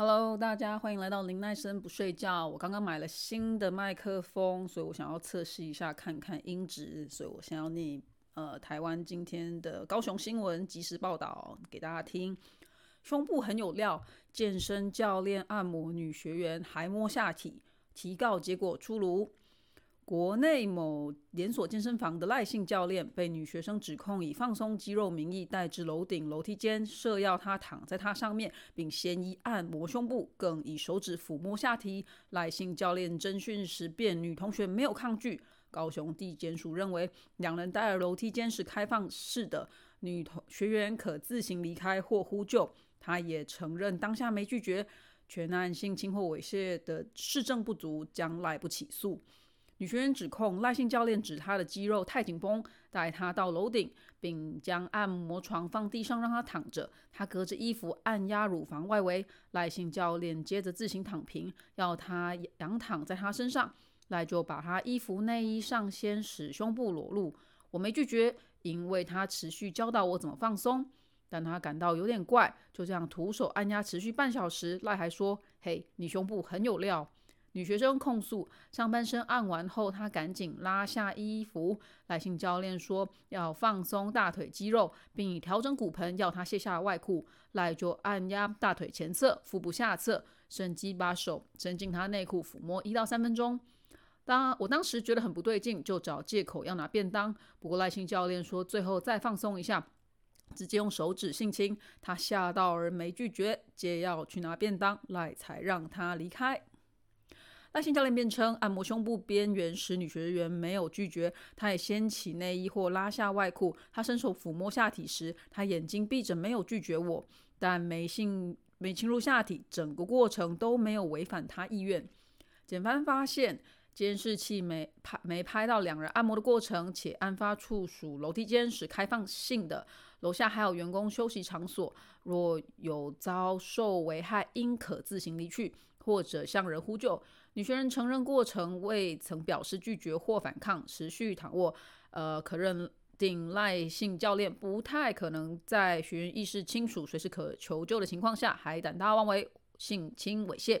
Hello，大家歡迎來到林奈生不睡覺。我剛剛買了新的麥克風，所以我想要測試一下看看音質。所以我先要念呃台灣今天的高雄新聞即時報道給大家聽。胸部很有料，健身教練按摩女學員還摸下體，提告結果出爐。國內某連鎖健身房的賴姓教練被女學生指控以放鬆肌肉名義帶至樓頂樓梯間，設要她躺在他上面，並先以按摩胸部，更以手指撫摸下體。賴姓教練偵訊時辯，女同學沒有抗拒。高雄地檢署認為，兩人待的樓梯間是開放式的，女同學員可自行離開或呼救。她也承認當下沒拒絕，全案性侵或猥褻的事證不足，將賴不起訴。女學員指控賴姓教練指她的肌肉太緊繃，帶她到樓頂，並將按摩床放地上讓她躺着。她隔着衣服按壓乳房外圍，賴姓教練接着自行躺平，要她仰躺在她身上。賴就把她衣服內衣上掀使胸部裸露，我沒拒絕，因為她持續教導我怎麼放鬆。但她感到有點怪，就這樣徒手按壓持續半小時。賴還說：“嘿，你胸部很有料。”女學生控訴：上半身按完後，她趕緊拉下衣服。賴姓教練說要放鬆大腿肌肉，並以調整骨盆要她卸下外褲。賴就按壓大腿前側、腹部下側，趁機把手伸進她內褲撫摸一到三分鐘。當我當時覺得很不對勁，就找借口要拿便當。不過賴姓教練說最後再放鬆一下，直接用手指性侵。她嚇到而沒拒絕，接要去拿便當，賴才讓她離開。男性教練辯稱，按摩胸部邊緣時女學員沒有拒絕，她也掀起內衣或拉下外褲，她伸手撫摸下體時，她眼睛閉着，沒有拒絕我，但沒性沒侵入下體，整個過程都沒有違反她意願。檢方發現。監視器沒拍沒拍到兩人按摩的過程，且案發處屬樓梯間，是開放性的，樓下還有員工休息場所。若有遭受危害，應可自行離去，或者向人呼救。女學員承認過程，未曾表示拒絕或反抗，持續躺臥。呃，可認定賴姓教練不太可能在學員意識清楚、隨時可求救的情況下，還膽大妄為，性侵猥褻。